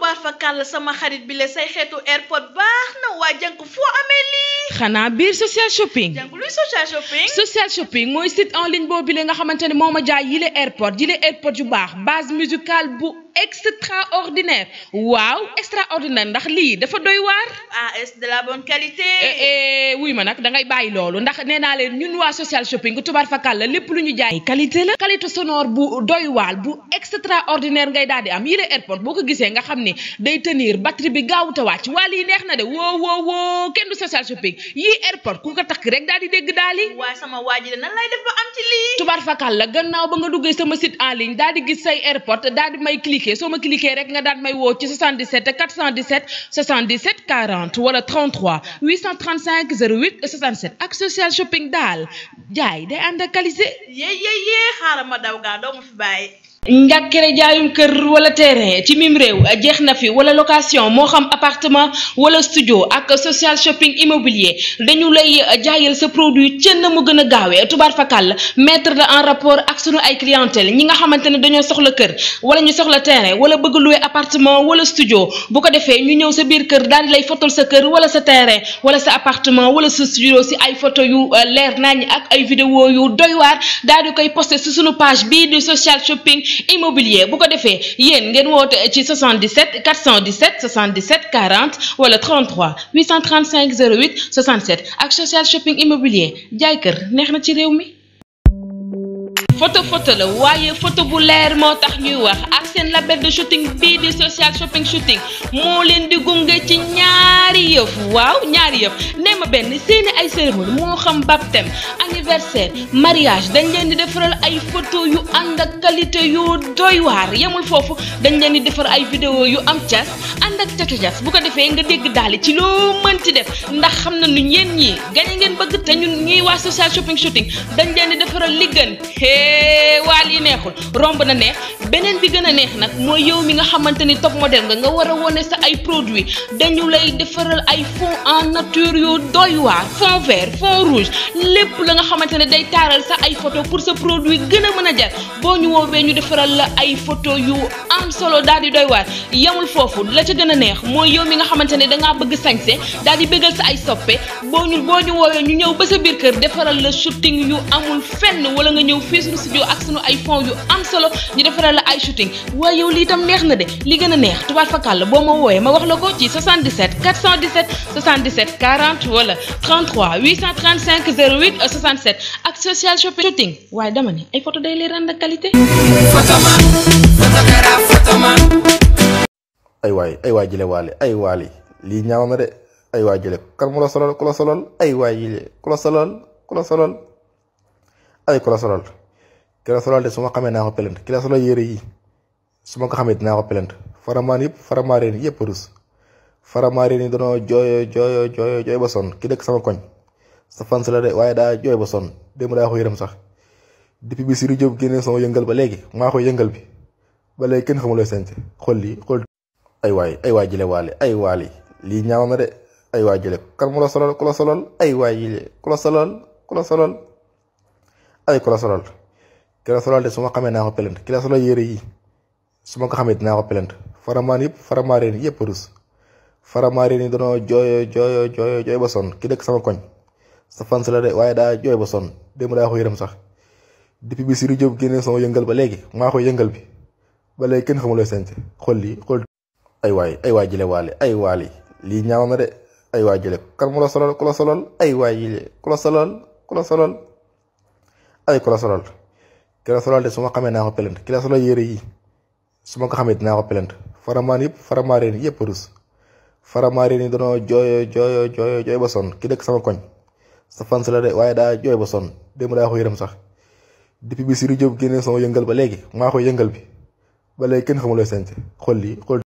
tubaar fa sama xarit bi la say xeetu airport baax waa jànk foo amee xanaa biir social shopping. jànk luy social shopping. social shopping mooy site en ligne boobu la nga xamante ne moo ma jaay yile airport yile airport yu baax base musicale bu. extraordinaire waaw extraordinaire ndax lii dafa doy waar. ah est de la bonne qualité. Eh, eh, wuy ma nag da ngay bàyyi loolu ndax nee naa leen ñun waa social shopping tubaar fakal la lépp lu ñu jaay qualité la. qualité sonore bu doy waal bu extraordinaire ngay daal di am yile airport boo ko gisee nga xam ni day tenir batterie bi gaawut a wàcc waa lii neex na de woo woo woo kenn du social shopping yi airport ku ko takk rek daal di dégg daal di. waaye sama waa ji de nan lay def fakal la gannaaw ba nga duggee sama site en ligne daal di gis say airport daal di may cliquer cliquer soo ma cliquer rek nga daan may woo ci 77 417 77 40 wala 33 835 08 67 ak social shopping daal jaay day ànd ak qualité. yéyéyé xaaral ma daw gaa doo ma fi bàyyi. njàkkere jaayum kër wala terrain ci mim réew jeex fi wala location Moham xam appartement wala studio ak social shopping immobilier dañu lay jaayal sa produit ci na mu gëna gaawé tubar fakal mettre en rapport ak suñu ay clientèle ñi nga xamante ne dañoo soxla kër wala ñu soxla terrain wala bëgg louer appartement wala studio bu ko défé ñu ñëw sa biir kër dal di lay fotol sa kër wala sa terrain wala sa appartement wala sa studio si ay photo yu euh, leer nañ ak ay vidéo yu doy war dal di koy posté sur suñu page bi de social shopping immobilier vous de faits yen 77 417 77 40 le 33 835 08 67 Action social shopping immobilier Diaker, kër photo photo la photo sen label de shooting bi di social shopping shooting mo len di gungé ci ñaari yeuf waaw ñaari yeuf nee ma benn seeni ay cérémonie mo xam baptême anniversaire mariage dañ leen di defaral ay photo yu and ak qualité yu doy war yamul fofu dañ leen di defar ay vidéo yu am tias and ak catu tias bu ko defee nga dégg dal ci mën ci def ndax xam na ngeen bëgg té ñun ñi wa social shopping shooting dañ leen di defaral li gën hee waa lii neexul romb na neex benen bi gëna neex nag mooy yow mi nga xamante ni top modèle nga nga war a wone sa ay produit dañu lay defaral ay fond en nature yu doy waar fond vert fond rouge lépp la nga xamante ne day taaral sa ay photo pour sa produit gën a mën a jar boo ñu woowee ñu defaral la ay photo yu am solo daal di doy waar yamul foofu la ca gën a neex mooy yow mi nga xamante ne dangaa bëgg sañse daal di bëggal sa ay soppe boo ñu boo ñu woowee ñu ñëw ba sa biir kër defaral la shooting yu amul fenn wala nga ñëw fii suñu studio ak suñu ay fond yu am solo ñu defaral la ay shooting waaye yow lii tam neex na de li gën a neex tubaab fakal la boo ma woowee ma wax la ko ci 77 417 77 40 wala 33 835 08 67 ak social shopping shooting waaye dama ne ay photo day leer ànd ak qualité ay waay ay waay jële waali ay waali lii ñaaw na de ay waay jële kan mu la solol ku solol ay waay jële ku la solol ku soo de su ma xamee naa ko pelent yére yi su ma ko xamee dinaa ko pelent faramaan yëpp faramaareen yëpp danoo jooy ba ki dëkk sama koñ sa fans la de waaye daa jooy ba sonn démb daa ko yërëm sax depuis yëngal ba léegi maa koy bi ba kenn xamuloo sent xol lii xol ay waay ay waay jële waale ay waali lii ñaaw na de ay waay jële kan mu la solol ku solol ay waay jële ku la solol ku solol ay ku la solol ki de su ma xamee naa ko pelent ki yére yi su ma ko xamee dinaa ko pelent yëpp faramaareen yëpp rus danoo jooyoo jooyoo jooyoo ki dëkk sama koñ sa fans la de waaye daa jooy ba sonn démb daa ko sax depuis bi Sidy yëngal ba léegi maa yëngal bi ba léegi kenn xamuloo sent xol lii xol ay waay ay waay jële waale ay waali lii ñaaw na de ay waay jële kan mu la solol ku la solol ay waay jële ku la solol ku la ay ku la de su ma xamee naa ko pelent ki yére yi su ma ko xamee dinaa ko pelent yëpp faramaareen yëpp rus danoo jooyoo jooyoo jooyoo ki dëkk sama koñ sa fans la de waaye daa jooy ba sonn démb daa ko sax depuis bi Sidy Diop yëngal ba léegi maa yëngal bi ba léegi kenn xamuloo sent xol lii xol